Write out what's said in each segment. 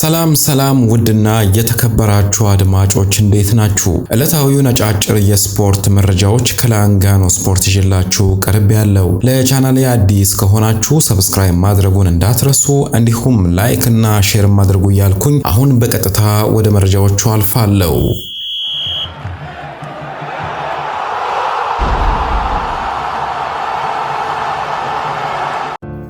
ሰላም ሰላም ውድና የተከበራችሁ አድማጮች እንዴት ናችሁ? እለታዊ ነጫጭር የስፖርት መረጃዎች ከላንጋኖ ስፖርት ይዤላችሁ ቀርብ ያለው። ለቻናሌ አዲስ ከሆናችሁ ሰብስክራይብ ማድረጉን እንዳትረሱ፣ እንዲሁም ላይክ እና ሼር ማድረጉ እያልኩኝ አሁን በቀጥታ ወደ መረጃዎቹ አልፋለሁ።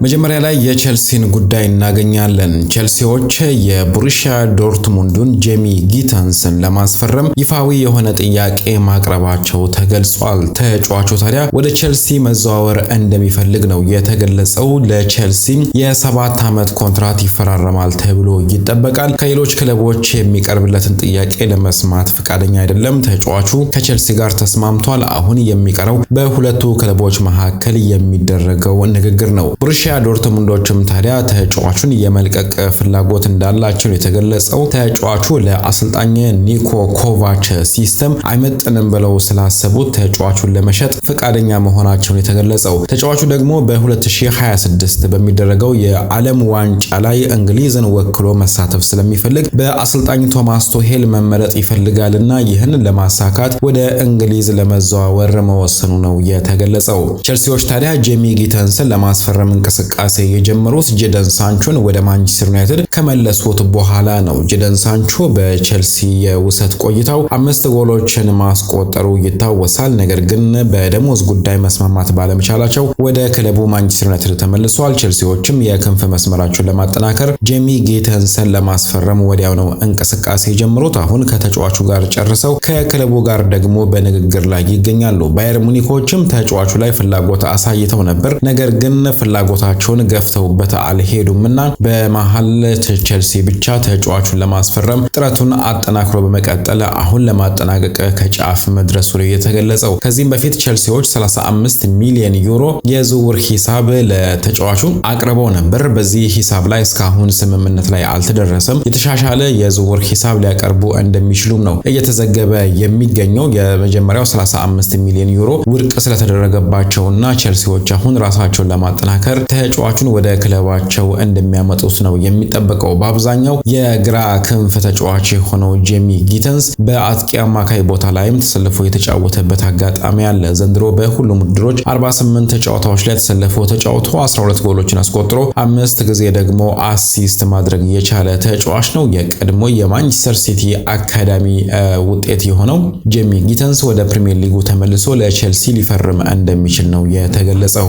መጀመሪያ ላይ የቼልሲን ጉዳይ እናገኛለን። ቸልሲዎች የቦሩሺያ ዶርትሙንዱን ጄሚ ጊተንስን ለማስፈረም ይፋዊ የሆነ ጥያቄ ማቅረባቸው ተገልጿል። ተጫዋቹ ታዲያ ወደ ቼልሲ መዘዋወር እንደሚፈልግ ነው የተገለጸው። ለቼልሲ የሰባት ዓመት ኮንትራት ይፈራረማል ተብሎ ይጠበቃል። ከሌሎች ክለቦች የሚቀርብለትን ጥያቄ ለመስማት ፈቃደኛ አይደለም። ተጫዋቹ ከቸልሲ ጋር ተስማምቷል። አሁን የሚቀረው በሁለቱ ክለቦች መካከል የሚደረገው ንግግር ነው። ቦሩሺያ ቦሩሲያ ዶርትሙንዶችም ታዲያ ተጫዋቹን የመልቀቅ ፍላጎት እንዳላቸው የተገለጸው ተጫዋቹ ለአሰልጣኝ ኒኮ ኮቫች ሲስተም አይመጥንም ብለው ስላሰቡት ተጫዋቹን ለመሸጥ ፈቃደኛ መሆናቸውን የተገለጸው ተጫዋቹ ደግሞ በ2026 በሚደረገው የዓለም ዋንጫ ላይ እንግሊዝን ወክሎ መሳተፍ ስለሚፈልግ በአሰልጣኝ ቶማስ ቶሄል መመረጥ ይፈልጋልና ይህን ለማሳካት ወደ እንግሊዝ ለመዘዋወር መወሰኑ ነው የተገለጸው። ቸልሲዎች ታዲያ ጄሚ ጊተንስን ለማስፈረም እንቅስቃሴ እንቅስቃሴ የጀመሩት ጀደን ሳንቾን ወደ ማንቸስተር ዩናይትድ ከመለሱት በኋላ ነው። ጀደን ሳንቾ በቼልሲ የውሰት ቆይታው አምስት ጎሎችን ማስቆጠሩ ይታወሳል። ነገር ግን በደሞዝ ጉዳይ መስማማት ባለመቻላቸው ወደ ክለቡ ማንቸስተር ዩናይትድ ተመልሷል። ቼልሲዎችም የክንፍ መስመራቸውን ለማጠናከር ጄሚ ጌተንሰን ለማስፈረም ወዲያው ነው እንቅስቃሴ የጀመሩት። አሁን ከተጫዋቹ ጋር ጨርሰው ከክለቡ ጋር ደግሞ በንግግር ላይ ይገኛሉ። ባየር ሙኒኮችም ተጫዋቹ ላይ ፍላጎት አሳይተው ነበር። ነገር ግን ፍላጎታ እርምጃቸውን ገፍተውበት አልሄዱም እና በመሀል ቼልሲ ብቻ ተጫዋቹን ለማስፈረም ጥረቱን አጠናክሮ በመቀጠል አሁን ለማጠናቀቅ ከጫፍ መድረሱ ነው የተገለጸው። ከዚህም በፊት ቸልሲዎች 35 ሚሊዮን ዩሮ የዝውውር ሂሳብ ለተጫዋቹ አቅርበው ነበር። በዚህ ሂሳብ ላይ እስካሁን ስምምነት ላይ አልተደረሰም። የተሻሻለ የዝውውር ሂሳብ ሊያቀርቡ እንደሚችሉም ነው እየተዘገበ የሚገኘው። የመጀመሪያው 35 ሚሊዮን ዩሮ ውድቅ ስለተደረገባቸውና ቸልሲዎች አሁን ራሳቸውን ለማጠናከር ተጫዋቹን ወደ ክለባቸው እንደሚያመጡት ነው የሚጠበቀው። በአብዛኛው የግራ ክንፍ ተጫዋች የሆነው ጄሚ ጊተንስ በአጥቂ አማካይ ቦታ ላይም ተሰልፎ የተጫወተበት አጋጣሚ አለ። ዘንድሮ በሁሉም ውድድሮች 48 ጨዋታዎች ላይ ተሰልፎ ተጫውቶ 12 ጎሎችን አስቆጥሮ አምስት ጊዜ ደግሞ አሲስት ማድረግ የቻለ ተጫዋች ነው። የቀድሞ የማንቸስተር ሲቲ አካዳሚ ውጤት የሆነው ጄሚ ጊተንስ ወደ ፕሪሚየር ሊጉ ተመልሶ ለቼልሲ ሊፈርም እንደሚችል ነው የተገለጸው።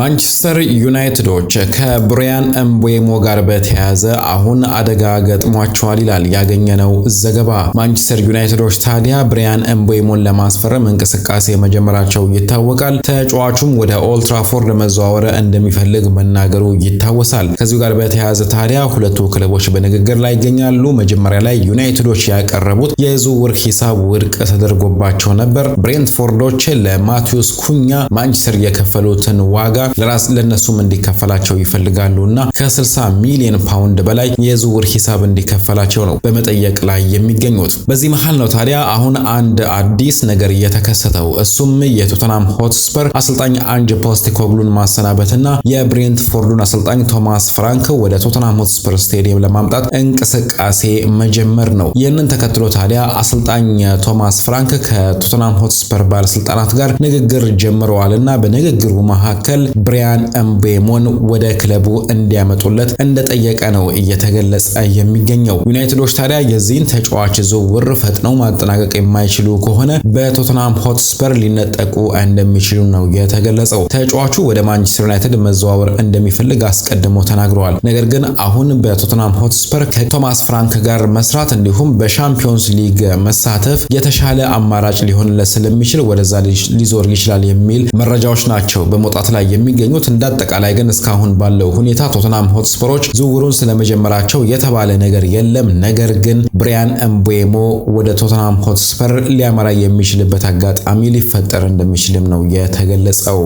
ማንቸስተር ዩናይትዶች ከብሪያን እምቤሞ ጋር በተያያዘ አሁን አደጋ ገጥሟቸዋል ይላል ያገኘነው ዘገባ። ማንቸስተር ዩናይትዶች ታዲያ ብሪያን እምቤሞን ለማስፈረም እንቅስቃሴ መጀመራቸው ይታወቃል። ተጫዋቹም ወደ ኦልትራፎርድ መዘዋወር እንደሚፈልግ መናገሩ ይታወሳል። ከዚሁ ጋር በተያያዘ ታዲያ ሁለቱ ክለቦች በንግግር ላይ ይገኛሉ። መጀመሪያ ላይ ዩናይትዶች ያቀረቡት የዝውውር ሂሳብ ውድቅ ተደርጎባቸው ነበር። ብሬንትፎርዶች ለማቴዎስ ኩኛ ማንቸስተር የከፈሉትን ዋጋ ዋጋ ለራስ ለነሱም እንዲከፈላቸው ይፈልጋሉ እና ከ60 ሚሊዮን ፓውንድ በላይ የዝውውር ሂሳብ እንዲከፈላቸው ነው በመጠየቅ ላይ የሚገኙት። በዚህ መሃል ነው ታዲያ አሁን አንድ አዲስ ነገር የተከሰተው። እሱም የቶተናም ሆትስፐር አሰልጣኝ አንጅ ፖስቴኮግሉን ማሰናበትና የብሬንትፎርዱን አሰልጣኝ ቶማስ ፍራንክ ወደ ቶተናም ሆትስፐር ስቴዲየም ለማምጣት እንቅስቃሴ መጀመር ነው። ይህንን ተከትሎ ታዲያ አሰልጣኝ ቶማስ ፍራንክ ከቶተናም ሆትስፐር ባለስልጣናት ጋር ንግግር ጀምረዋል እና በንግግሩ መካከል ብሪያን እምቤሞን ወደ ክለቡ እንዲያመጡለት እንደጠየቀ ነው እየተገለጸ የሚገኘው። ዩናይትዶች ታዲያ የዚህን ተጫዋች ዝውውር ፈጥነው ማጠናቀቅ የማይችሉ ከሆነ በቶተንሃም ሆትስፐር ሊነጠቁ እንደሚችሉ ነው የተገለጸው። ተጫዋቹ ወደ ማንቸስተር ዩናይትድ መዘዋወር እንደሚፈልግ አስቀድሞ ተናግረዋል። ነገር ግን አሁን በቶተንሃም ሆትስፐር ከቶማስ ፍራንክ ጋር መስራት እንዲሁም በሻምፒዮንስ ሊግ መሳተፍ የተሻለ አማራጭ ሊሆንለት ስለሚችል ወደዛ ሊዞር ይችላል የሚል መረጃዎች ናቸው በመውጣት ላይ የሚገኙት። እንዳጠቃላይ ግን እስካሁን ባለው ሁኔታ ቶተናም ሆትስፐሮች ዝውውሩን ስለመጀመራቸው የተባለ ነገር የለም። ነገር ግን ብሪያን እምቤሞ ወደ ቶተናም ሆትስፐር ሊያመራ የሚችልበት አጋጣሚ ሊፈጠር እንደሚችልም ነው የተገለጸው።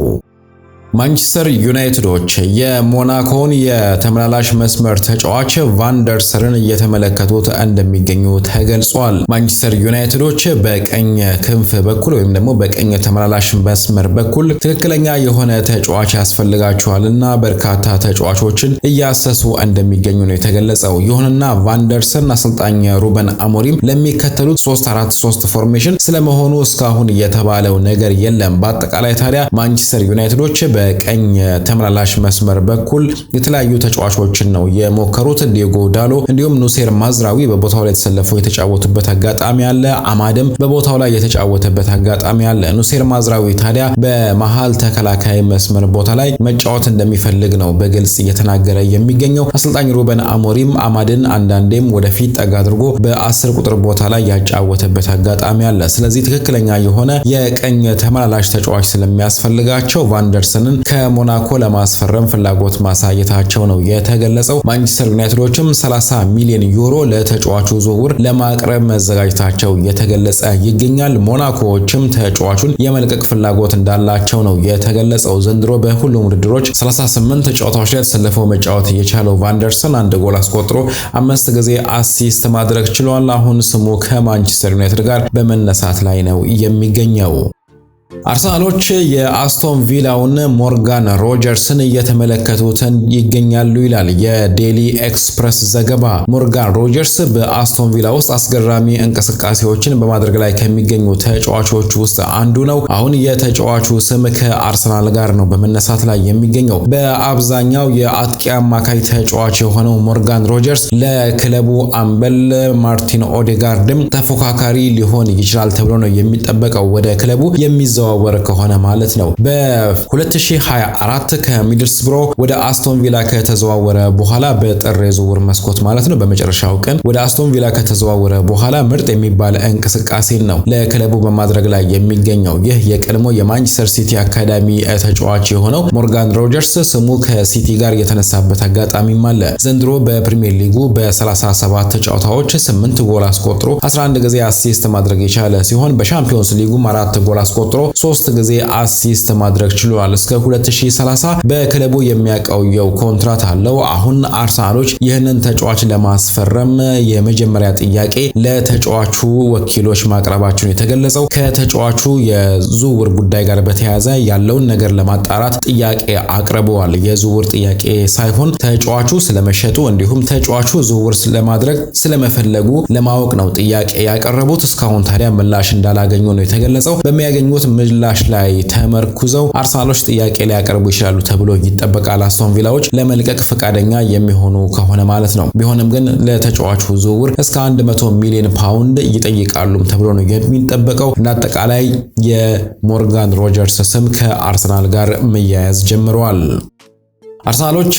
ማንቸስተር ዩናይትዶች የሞናኮን የተመላላሽ መስመር ተጫዋች ቫንደርሰርን እየተመለከቱት እንደሚገኙ ተገልጿል። ማንቸስተር ዩናይትዶች በቀኝ ክንፍ በኩል ወይም ደግሞ በቀኝ ተመላላሽ መስመር በኩል ትክክለኛ የሆነ ተጫዋች ያስፈልጋቸዋል እና በርካታ ተጫዋቾችን እያሰሱ እንደሚገኙ ነው የተገለጸው። ይሁንና ቫንደርሰን አሰልጣኝ ሩበን አሞሪም ለሚከተሉት 343 ፎርሜሽን ስለመሆኑ እስካሁን የተባለው ነገር የለም። በአጠቃላይ ታዲያ ማንቸስተር ዩናይትዶች በቀኝ ተመላላሽ መስመር በኩል የተለያዩ ተጫዋቾችን ነው የሞከሩት። ዲዮጎ ዳሎ እንዲሁም ኑሴር ማዝራዊ በቦታው ላይ ተሰልፈው የተጫወቱበት አጋጣሚ አለ። አማድም በቦታው ላይ የተጫወተበት አጋጣሚ አለ። ኑሴር ማዝራዊ ታዲያ በመሃል ተከላካይ መስመር ቦታ ላይ መጫወት እንደሚፈልግ ነው በግልጽ እየተናገረ የሚገኘው አሰልጣኝ ሩበን አሞሪም አማድን አንዳንዴም ወደፊት ጠጋ አድርጎ በአስር ቁጥር ቦታ ላይ ያጫወተበት አጋጣሚ አለ። ስለዚህ ትክክለኛ የሆነ የቀኝ ተመላላሽ ተጫዋች ስለሚያስፈልጋቸው ቫንደርሰን ቶተንሃምን ከሞናኮ ለማስፈረም ፍላጎት ማሳየታቸው ነው የተገለጸው። ማንቸስተር ዩናይትዶችም 30 ሚሊዮን ዩሮ ለተጫዋቹ ዝውውር ለማቅረብ መዘጋጀታቸው የተገለጸ ይገኛል። ሞናኮዎችም ተጫዋቹን የመልቀቅ ፍላጎት እንዳላቸው ነው የተገለጸው። ዘንድሮ በሁሉም ውድድሮች 38 ጨዋታዎች ላይ ተሰልፈው መጫወት የቻለው ቫንደርሰን አንድ ጎል አስቆጥሮ አምስት ጊዜ አሲስት ማድረግ ችሏል። አሁን ስሙ ከማንቸስተር ዩናይትድ ጋር በመነሳት ላይ ነው የሚገኘው። አርሰናሎች የአስቶን ቪላውን ሞርጋን ሮጀርስን እየተመለከቱትን ይገኛሉ ይላል የዴሊ ኤክስፕረስ ዘገባ። ሞርጋን ሮጀርስ በአስቶን ቪላ ውስጥ አስገራሚ እንቅስቃሴዎችን በማድረግ ላይ ከሚገኙ ተጫዋቾች ውስጥ አንዱ ነው። አሁን የተጫዋቹ ስም ከአርሰናል ጋር ነው በመነሳት ላይ የሚገኘው። በአብዛኛው የአጥቂ አማካይ ተጫዋች የሆነው ሞርጋን ሮጀርስ ለክለቡ አምበል ማርቲን ኦዴጋርድም ተፎካካሪ ሊሆን ይችላል ተብሎ ነው የሚጠበቀው። ወደ ክለቡ የሚዘ የሚዘዋወር ከሆነ ማለት ነው። በ2024 ከሚድልስብሮ ወደ አስቶን ቪላ ከተዘዋወረ በኋላ በጥር የዝውውር መስኮት ማለት ነው በመጨረሻው ቀን ወደ አስቶን ቪላ ከተዘዋወረ በኋላ ምርጥ የሚባል እንቅስቃሴን ነው ለክለቡ በማድረግ ላይ የሚገኘው። ይህ የቀድሞ የማንቸስተር ሲቲ አካዳሚ ተጫዋች የሆነው ሞርጋን ሮጀርስ ስሙ ከሲቲ ጋር የተነሳበት አጋጣሚም አለ። ዘንድሮ በፕሪሚየር ሊጉ በ37 ጨዋታዎች 8 ጎል አስቆጥሮ 11 ጊዜ አሲስት ማድረግ የቻለ ሲሆን በሻምፒዮንስ ሊጉም አራት ጎል አስቆጥሮ ሶስት ጊዜ አሲስት ማድረግ ችሏል። እስከ 2030 በክለቡ የሚያቆየው ኮንትራት አለው። አሁን አርሰናሎች ይህንን ተጫዋች ለማስፈረም የመጀመሪያ ጥያቄ ለተጫዋቹ ወኪሎች ማቅረባቸውን የተገለጸው ከተጫዋቹ የዝውውር ጉዳይ ጋር በተያያዘ ያለውን ነገር ለማጣራት ጥያቄ አቅርበዋል። የዝውውር ጥያቄ ሳይሆን ተጫዋቹ ስለመሸጡ እንዲሁም ተጫዋቹ ዝውውር ለማድረግ ስለመፈለጉ ለማወቅ ነው ጥያቄ ያቀረቡት። እስካሁን ታዲያ ምላሽ እንዳላገኙ ነው የተገለጸው። በሚያገኙት ምላሽ ላይ ተመርኩዘው አርሰናሎች ጥያቄ ሊያቀርቡ ይችላሉ ተብሎ ይጠበቃል። አስቶን ቪላዎች ለመልቀቅ ፈቃደኛ የሚሆኑ ከሆነ ማለት ነው። ቢሆንም ግን ለተጫዋቹ ዝውውር እስከ 100 ሚሊዮን ፓውንድ ይጠይቃሉ ተብሎ ነው የሚጠበቀው። እንዳጠቃላይ አጠቃላይ የሞርጋን ሮጀርስ ስም ከአርሰናል ጋር መያያዝ ጀምረዋል። አርሰናሎች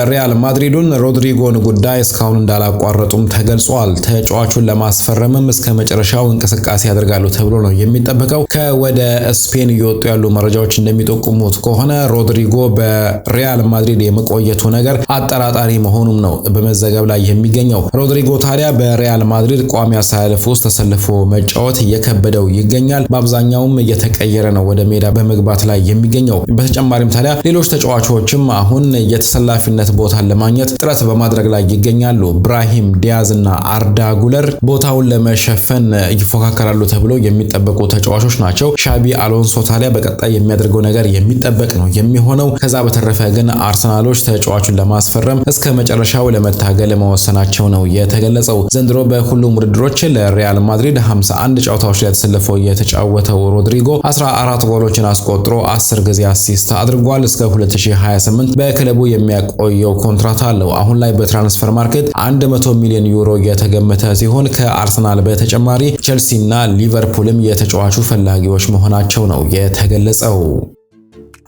የሪያል ማድሪዱን ሮድሪጎን ጉዳይ እስካሁን እንዳላቋረጡም ተገልጿል። ተጫዋቹን ለማስፈረምም እስከ መጨረሻው እንቅስቃሴ ያደርጋሉ ተብሎ ነው የሚጠበቀው። ከወደ ስፔን እየወጡ ያሉ መረጃዎች እንደሚጠቁሙት ከሆነ ሮድሪጎ በሪያል ማድሪድ የመቆየቱ ነገር አጠራጣሪ መሆኑም ነው በመዘገብ ላይ የሚገኘው። ሮድሪጎ ታዲያ በሪያል ማድሪድ ቋሚ አሰላለፍ ውስጥ ተሰልፎ መጫወት እየከበደው ይገኛል። በአብዛኛውም እየተቀየረ ነው ወደ ሜዳ በመግባት ላይ የሚገኘው። በተጨማሪም ታዲያ ሌሎች ተጫዋቾችም አሁን አሁን የተሰላፊነት ቦታን ለማግኘት ጥረት በማድረግ ላይ ይገኛሉ። ብራሂም ዲያዝ እና አርዳ ጉለር ቦታውን ለመሸፈን ይፎካከራሉ ተብሎ የሚጠበቁ ተጫዋቾች ናቸው። ሻቢ አሎንሶ ታዲያ በቀጣይ የሚያደርገው ነገር የሚጠበቅ ነው የሚሆነው። ከዛ በተረፈ ግን አርሰናሎች ተጫዋቹን ለማስፈረም እስከ መጨረሻው ለመታገል መወሰናቸው ነው የተገለጸው። ዘንድሮ በሁሉም ውድድሮች ለሪያል ማድሪድ 51 ጨዋታዎች ላይ ተሰልፎ የተጫወተው ሮድሪጎ 14 ጎሎችን አስቆጥሮ 10 ጊዜ አሲስት አድርጓል። እስከ 2028 በክለቡ የሚያቆየው ኮንትራት አለው። አሁን ላይ በትራንስፈር ማርኬት 100 ሚሊዮን ዩሮ የተገመተ ሲሆን ከአርሰናል በተጨማሪ ቼልሲና ሊቨርፑልም የተጫዋቹ ፈላጊዎች መሆናቸው ነው የተገለጸው።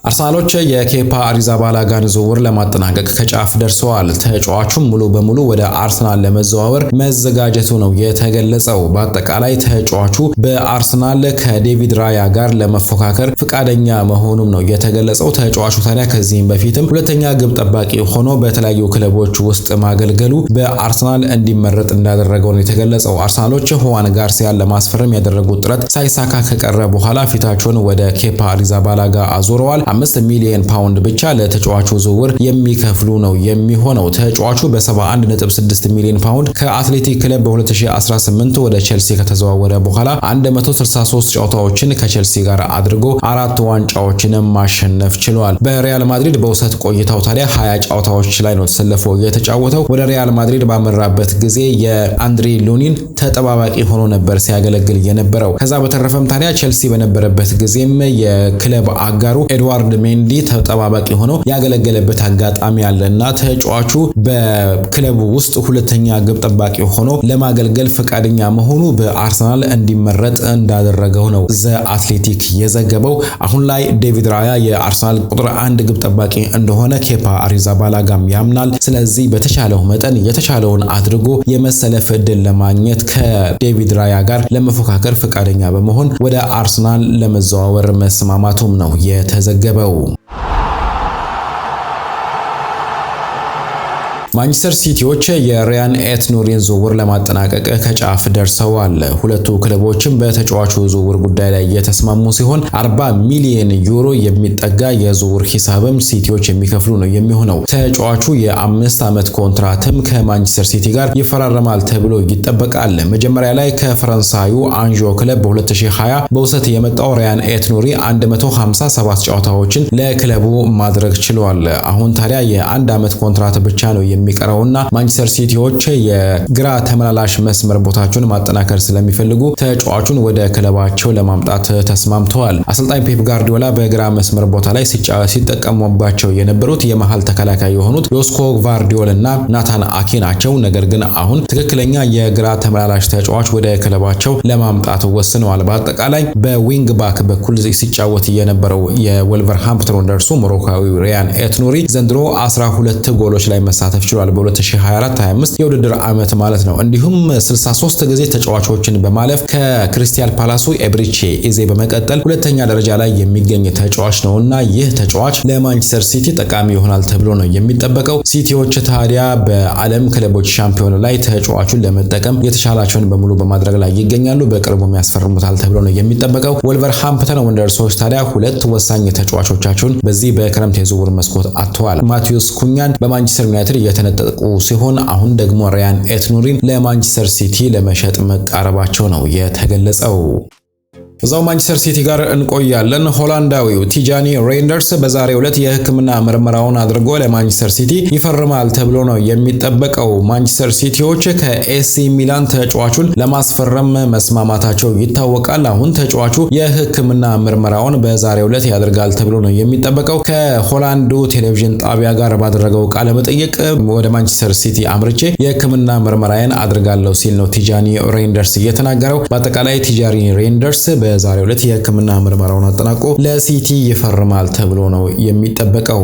አርሰናሎች የኬፓ አሪዛባላጋን ዝውውር ለማጠናቀቅ ከጫፍ ደርሰዋል። ተጫዋቹም ሙሉ በሙሉ ወደ አርሰናል ለመዘዋወር መዘጋጀቱ ነው የተገለጸው። በአጠቃላይ ተጫዋቹ በአርሰናል ከዴቪድ ራያ ጋር ለመፎካከር ፈቃደኛ መሆኑም ነው የተገለጸው። ተጫዋቹ ታዲያ ከዚህም በፊትም ሁለተኛ ግብ ጠባቂ ሆኖ በተለያዩ ክለቦች ውስጥ ማገልገሉ በአርሰናል እንዲመረጥ እንዳደረገው ነው የተገለጸው። አርሰናሎች ሁዋን ጋርሲያን ለማስፈረም ያደረጉት ጥረት ሳይሳካ ከቀረ በኋላ ፊታቸውን ወደ ኬፓ አሪዛባላጋ አዞረዋል። 75 ሚሊዮን ፓውንድ ብቻ ለተጫዋቹ ዝውውር የሚከፍሉ ነው የሚሆነው። ተጫዋቹ በ71.6 ሚሊዮን ፓውንድ ከአትሌቲክ ክለብ በ2018 ወደ ቼልሲ ከተዘዋወረ በኋላ 163 ጨዋታዎችን ከቸልሲ ጋር አድርጎ አራት ዋንጫዎችን ማሸነፍ ችሏል። በሪያል ማድሪድ በውሰት ቆይታው ታዲያ 20 ጨዋታዎች ላይ ነው ተሰልፎ የተጫወተው። ወደ ሪያል ማድሪድ ባመራበት ጊዜ የአንድሪ ሉኒን ተጠባባቂ ሆኖ ነበር ሲያገለግል የነበረው። ከዛ በተረፈም ታዲያ ቸልሲ በነበረበት ጊዜም የክለብ አጋሩ ኤድዋርድ ኤድዋርድ ሜንዲ ተጠባባቂ ሆኖ ያገለገለበት አጋጣሚ አለ እና ተጫዋቹ በክለቡ ውስጥ ሁለተኛ ግብ ጠባቂ ሆኖ ለማገልገል ፈቃደኛ መሆኑ በአርሰናል እንዲመረጥ እንዳደረገው ነው ዘ አትሌቲክ የዘገበው። አሁን ላይ ዴቪድ ራያ የአርሰናል ቁጥር አንድ ግብ ጠባቂ እንደሆነ ኬፓ አሪዛባላጋም ያምናል። ስለዚህ በተቻለው መጠን የተቻለውን አድርጎ የመሰለፍ እድል ለማግኘት ከዴቪድ ራያ ጋር ለመፎካከር ፈቃደኛ በመሆን ወደ አርሰናል ለመዘዋወር መስማማቱም ነው የተዘገበ። 怪物。ማንቸስተር ሲቲዎች የሪያን ኤትኖሪን ዝውውር ለማጠናቀቅ ከጫፍ ደርሰዋል። ሁለቱ ክለቦችም በተጫዋቹ ዝውውር ጉዳይ ላይ የተስማሙ ሲሆን 40 ሚሊዮን ዩሮ የሚጠጋ የዝውውር ሂሳብም ሲቲዎች የሚከፍሉ ነው የሚሆነው። ተጫዋቹ የአምስት ዓመት ኮንትራትም ከማንቸስተር ሲቲ ጋር ይፈራረማል ተብሎ ይጠበቃል። መጀመሪያ ላይ ከፈረንሳዩ አንዦ ክለብ በ2020 በውሰት የመጣው ሪያን ኤትኖሪ 157 ጨዋታዎችን ለክለቡ ማድረግ ችሏል። አሁን ታዲያ የአንድ ዓመት ኮንትራት ብቻ ነው የሚቀረውና ማንቸስተር ሲቲዎች የግራ ተመላላሽ መስመር ቦታቸውን ማጠናከር ስለሚፈልጉ ተጫዋቹን ወደ ክለባቸው ለማምጣት ተስማምተዋል። አሰልጣኝ ፔፕ ጋርዲዮላ በግራ መስመር ቦታ ላይ ሲጠቀሙባቸው የነበሩት የመሃል ተከላካይ የሆኑት ዮስኮ ቫርዲዮል እና ናታን አኪ ናቸው። ነገር ግን አሁን ትክክለኛ የግራ ተመላላሽ ተጫዋች ወደ ክለባቸው ለማምጣት ወስነዋል። በአጠቃላይ በዊንግ ባክ በኩል ሲጫወት የነበረው የወልቨርሃምፕተን ወንደርሱ ሞሮካዊ ሪያን ኤትኑሪ ዘንድሮ 12 ጎሎች ላይ መሳተፍ ችሏል። በ2024/25 የውድድር ዓመት ማለት ነው። እንዲሁም 63 ጊዜ ተጫዋቾችን በማለፍ ከክሪስቲያል ፓላሱ ኤብሪቼ ኢዜ በመቀጠል ሁለተኛ ደረጃ ላይ የሚገኝ ተጫዋች እና ይህ ተጫዋች ለማንቸስተር ሲቲ ጠቃሚ ይሆናል ተብሎ ነው የሚጠበቀው። ሲቲዎች ታዲያ በዓለም ክለቦች ሻምፒዮን ላይ ተጫዋቹን ለመጠቀም የተሻላቸውን በሙሉ በማድረግ ላይ ይገኛሉ። በቅርቡ ያስፈርሙታል ተብሎ ነው የሚጠበቀው። ወልቨርሃምፕተን ወንደርሶች ታዲያ ሁለት ወሳኝ ተጫዋቾቻቸውን በዚህ በክረምት የዝውውር መስኮት አጥተዋል። ማቴዎስ ኩኛን በማንቸስተር ዩናይትድ የተነጠቁ ሲሆን አሁን ደግሞ ሪያን ኤትኑሪን ለማንቸስተር ሲቲ ለመሸጥ መቃረባቸው ነው የተገለጸው። እዛው ማንቸስተር ሲቲ ጋር እንቆያለን። ሆላንዳዊው ቲጃኒ ሬይንደርስ በዛሬው ዕለት የሕክምና ምርመራውን አድርጎ ለማንቸስተር ሲቲ ይፈርማል ተብሎ ነው የሚጠበቀው። ማንቸስተር ሲቲዎች ከኤሲ ሚላን ተጫዋቹን ለማስፈረም መስማማታቸው ይታወቃል። አሁን ተጫዋቹ የሕክምና ምርመራውን በዛሬው ዕለት ያደርጋል ተብሎ ነው የሚጠበቀው። ከሆላንዱ ቴሌቪዥን ጣቢያ ጋር ባደረገው ቃለ መጠይቅ ወደ ማንቸስተር ሲቲ አምርቼ የሕክምና ምርመራዬን አድርጋለሁ ሲል ነው ቲጃኒ ሬንደርስ እየተናገረው። በአጠቃላይ ቲጃኒ ሬንደርስ በዛሬው ዕለት የህክምና ምርመራውን አጠናቆ ለሲቲ ይፈርማል ተብሎ ነው የሚጠበቀው።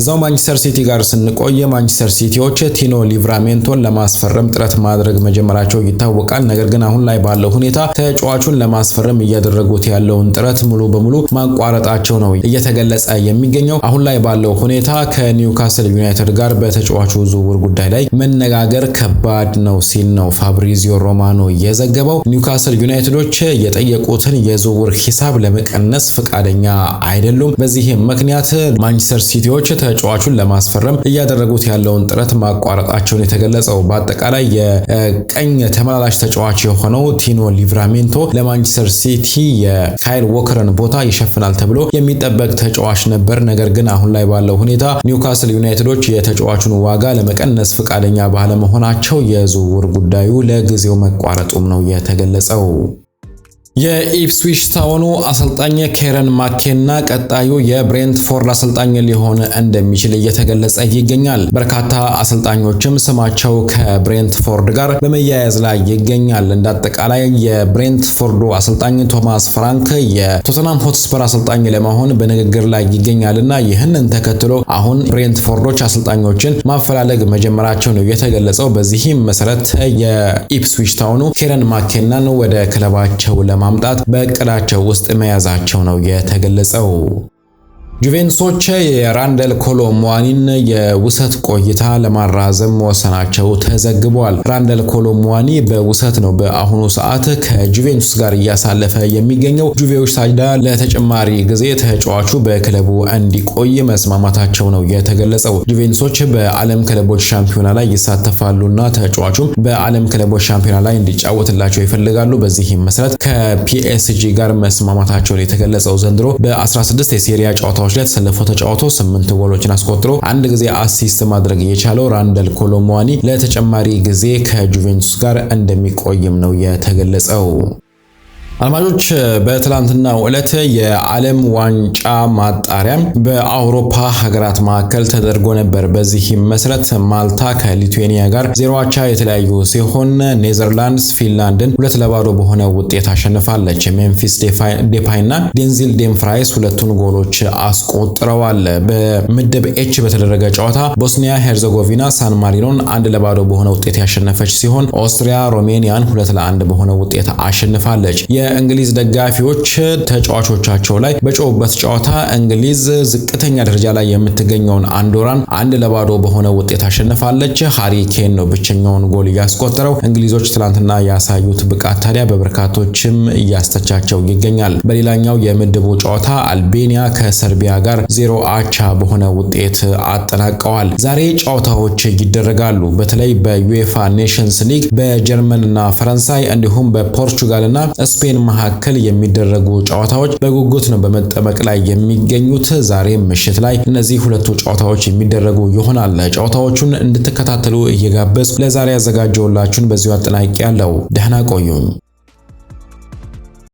እዛው ማንቸስተር ሲቲ ጋር ስንቆየ ማንቸስተር ሲቲዎች ቲኖ ሊቭራሜንቶን ለማስፈረም ጥረት ማድረግ መጀመራቸው ይታወቃል። ነገር ግን አሁን ላይ ባለው ሁኔታ ተጫዋቹን ለማስፈረም እያደረጉት ያለውን ጥረት ሙሉ በሙሉ ማቋረጣቸው ነው እየተገለጸ የሚገኘው። አሁን ላይ ባለው ሁኔታ ከኒውካስል ዩናይትድ ጋር በተጫዋቹ ዝውውር ጉዳይ ላይ መነጋገር ከባድ ነው ሲል ነው ፋብሪዚዮ ሮማኖ የዘገበው። ኒውካስል ዩናይትዶች የጠየቁትን የዝውውር ሂሳብ ለመቀነስ ፈቃደኛ አይደሉም። በዚህም ምክንያት ማንቸስተር ሲቲዎች ተጫዋቹን ለማስፈረም እያደረጉት ያለውን ጥረት ማቋረጣቸውን የተገለጸው። በአጠቃላይ የቀኝ ተመላላሽ ተጫዋች የሆነው ቲኖ ሊቭራሜንቶ ለማንቸስተር ሲቲ የካይል ዎከርን ቦታ ይሸፍናል ተብሎ የሚጠበቅ ተጫዋች ነበር። ነገር ግን አሁን ላይ ባለው ሁኔታ ኒውካስል ዩናይትዶች የተጫዋቹን ዋጋ ለመቀነስ ፈቃደኛ ባለመሆናቸው የዝውውር ጉዳዩ ለጊዜው መቋረጡም ነው የተገለጸው። የኢፕስዊች ታውኑ አሰልጣኝ ኬረን ማኬና ቀጣዩ የብሬንትፎርድ አሰልጣኝ ሊሆን እንደሚችል እየተገለጸ ይገኛል። በርካታ አሰልጣኞችም ስማቸው ከብሬንትፎርድ ጋር በመያያዝ ላይ ይገኛል። እንደ አጠቃላይ የብሬንትፎርዱ አሰልጣኝ ቶማስ ፍራንክ የቶተናም ሆትስፐር አሰልጣኝ ለመሆን በንግግር ላይ እና ይህንን ተከትሎ አሁን ብሬንትፎርዶች አሰልጣኞችን ማፈላለግ መጀመራቸው ነው የተገለጸው። በዚህም መሰረት የኢፕስዊች ታውኑ ኬረን ማኬናን ወደ ክለባቸው ለማ ለማምጣት በእቅዳቸው ውስጥ መያዛቸው ነው የተገለጸው። ጁቬንቶች የራንደል ኮሎሙዋኒን የውሰት ቆይታ ለማራዘም መወሰናቸው ተዘግቧል። ራንደል ኮሎሙዋኒ በውሰት ነው በአሁኑ ሰዓት ከጁቬንቱስ ጋር እያሳለፈ የሚገኘው። ጁቬዎች ታዳ ለተጨማሪ ጊዜ ተጫዋቹ በክለቡ እንዲቆይ መስማማታቸው ነው የተገለጸው። ጁቬንቱሶች በዓለም ክለቦች ሻምፒዮና ላይ ይሳተፋሉና ተጫዋቹም በዓለም ክለቦች ሻምፒዮና ላይ እንዲጫወትላቸው ይፈልጋሉ። በዚህም መሰረት ከፒኤስጂ ጋር መስማማታቸውን የተገለጸው ዘንድሮ በ16 የሴሪያ ጨዋታዎች ጨዋታዎች ላይ ተሰልፎ ተጫውቶ ስምንት ጎሎችን አስቆጥሮ አንድ ጊዜ አሲስት ማድረግ የቻለው ራንደል ኮሎሞዋኒ ለተጨማሪ ጊዜ ከጁቬንቱስ ጋር እንደሚቆይም ነው የተገለጸው። አድማጮች በትላንትናው ዕለት የዓለም ዋንጫ ማጣሪያ በአውሮፓ ሀገራት መካከል ተደርጎ ነበር። በዚህ መሰረት ማልታ ከሊቱዌኒያ ጋር ዜሮ አቻ የተለያዩ ሲሆን ኔዘርላንድስ ፊንላንድን ሁለት ለባዶ በሆነ ውጤት አሸንፋለች። ሜምፊስ ዴፓይ እና ዴንዚል ዴምፍራይስ ሁለቱን ጎሎች አስቆጥረዋል። በምድብ ኤች በተደረገ ጨዋታ ቦስኒያ ሄርዘጎቪና ሳን ማሪኖን አንድ ለባዶ በሆነ ውጤት ያሸነፈች ሲሆን ኦስትሪያ ሮሜኒያን ሁለት ለአንድ በሆነ ውጤት አሸንፋለች። የእንግሊዝ ደጋፊዎች ተጫዋቾቻቸው ላይ በጮሁበት ጨዋታ እንግሊዝ ዝቅተኛ ደረጃ ላይ የምትገኘውን አንዶራን አንድ ለባዶ በሆነ ውጤት አሸንፋለች። ሃሪ ኬን ነው ብቸኛውን ጎል እያስቆጠረው። እንግሊዞች ትላንትና ያሳዩት ብቃት ታዲያ በበርካቶችም እያስተቻቸው ይገኛል። በሌላኛው የምድቡ ጨዋታ አልቤኒያ ከሰርቢያ ጋር ዜሮ አቻ በሆነ ውጤት አጠናቀዋል። ዛሬ ጨዋታዎች ይደረጋሉ። በተለይ በዩኤፋ ኔሽንስ ሊግ በጀርመንና ፈረንሳይ እንዲሁም በፖርቹጋልና ስፔን በስፔን መካከል የሚደረጉ ጨዋታዎች በጉጉት ነው በመጠበቅ ላይ የሚገኙት። ዛሬ ምሽት ላይ እነዚህ ሁለቱ ጨዋታዎች የሚደረጉ ይሆናል። ጨዋታዎቹን እንድትከታተሉ እየጋበዝኩ ለዛሬ ያዘጋጀውላችሁን በዚሁ አጠናቂ ያለው ደህና ቆዩኝ።